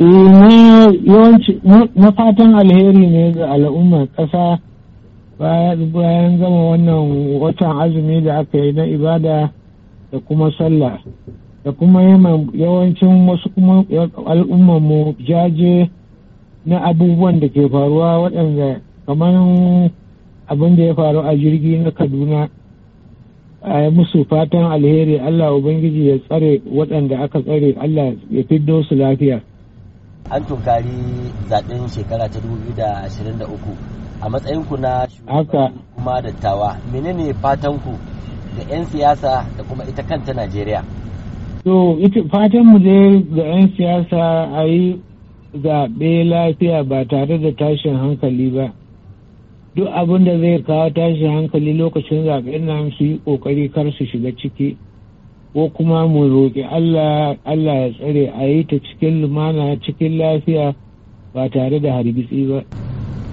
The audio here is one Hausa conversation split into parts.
Eh, na fatan alheri ne ga al'ummar ƙasa bayan gama wannan watan azumi da aka yi na ibada da kuma sallah da kuma yawancin wasu kuma al'ummarmu jaje na abubuwan da ke faruwa waɗanda kamar abin da ya faru a jirgi na kaduna a yi musu fatan alheri allah ubangiji ya tsare waɗanda aka tsare allah ya fiddo su lafiya an tunkari zaɓen shekara ta 2023 a matsayin ku na shugaban kuma dattawa menene fatan ku da 'yan siyasa da kuma ita kanta Najeriya to ita fatan mu dai ga 'yan siyasa a yi zaɓe lafiya ba tare da tashin hankali ba duk abin da zai kawo tashin hankali lokacin zaɓen nan su yi ƙoƙari kar su shiga ciki ko kuma mu roƙi Allah ya tsare a yi ta cikin lumana cikin lafiya ba tare da hargitsi ba.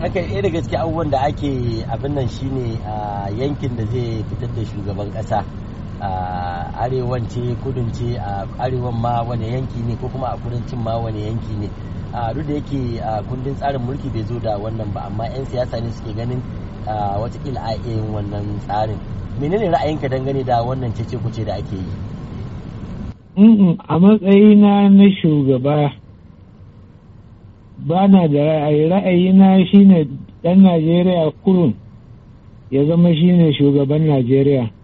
Haka ɗaya da gaske abubuwan da ake abin nan shi ne a yankin da zai fitar da shugaban ƙasa a kudin ce a arewan ma wani yanki ne ko kuma a kudancin ma wani yanki ne a duk da yake kundin tsarin mulki bai zo da wannan ba amma 'yan siyasa ne suke ganin a watakila a wannan tsarin menene ra'ayinka dangane da wannan cece kuce da ake yi a matsayina na shugaba ba na da ra'ayi ra'ayina shine dan najeriya kurun ya zama shine shugaban najeriya